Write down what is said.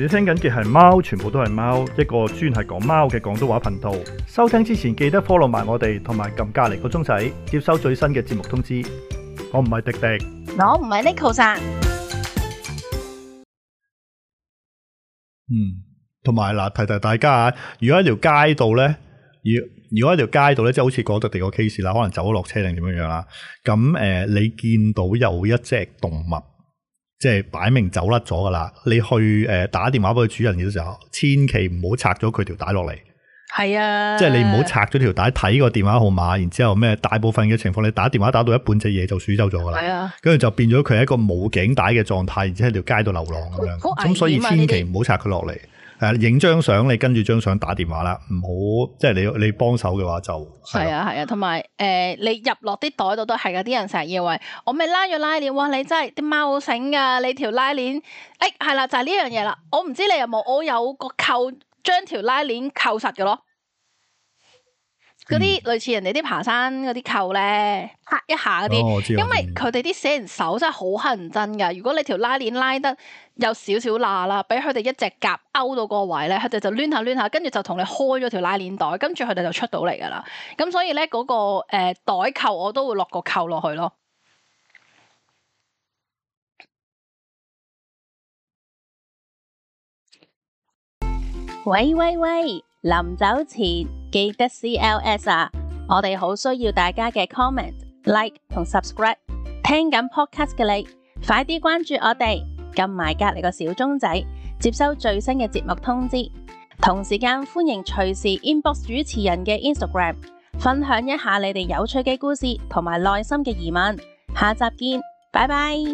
你聽緊嘅係貓，全部都係貓，一個專係講貓嘅廣東話頻道。收聽之前記得 follow 埋我哋，同埋撳隔籬個鐘仔，接收最新嘅節目通知。我唔係迪迪，我唔係 NekoChing。嗯，同埋嗱，提提大家啊，如果喺條街道咧，如如果喺條街道咧，即係好似講得第二個 case 啦，可能走咗落車定點樣樣啦。咁誒，呃，你見到有一隻動物，即係擺明走甩咗噶啦，你去誒打電話俾佢主人嘅時候，千祈唔好拆咗佢條帶落嚟。係是啊，即，即係你唔好拆咗條帶睇個電話號碼，然之後咩？大部分嘅情況你打電話打到一半隻嘢就鼠走咗噶啦。係是啊，啊，跟住就變咗佢係一個冇頸帶嘅狀態，然之後喺條街度流浪咁樣。咁所以千祈唔好拆佢落嚟。誒影張相，你跟住張相打電話啦，唔好即係你你幫手嘅話就係啊，係啊，同埋誒你入落啲袋度都係噶。啲人成日以為我咪拉咗拉鏈，哇你真係啲貓好醒啊！你條拉鏈誒係啦，就係呢樣嘢啦，我唔知你有冇，我有個扣將條拉鏈扣實嘅咯。嗰啲、嗯、類似人哋啲爬山嗰啲扣咧，拍一下嗰啲，哦、因為佢哋啲死人手真係好乞人憎噶。如果你條拉鏈拉得有少少罅啦，俾佢哋一隻夾勾到個位咧，佢哋就攣下攣下，跟住就同你開咗條拉鏈袋，跟住佢哋就出到嚟噶啦。咁所以咧嗰、嗰個、呃、袋扣我都會落個扣落去咯。喂喂喂，臨走前。記得 CLS 啊！我哋好需要大家嘅 comment、like 同 subscribe。聽緊 podcast 嘅你，快啲關注我哋，撳埋隔離個小鐘仔，接收最新嘅節目通知。同時間歡迎隨時 inbox 主持人嘅 Instagram，分享一下你哋有趣嘅故事同埋內心嘅疑問。下集見，拜拜。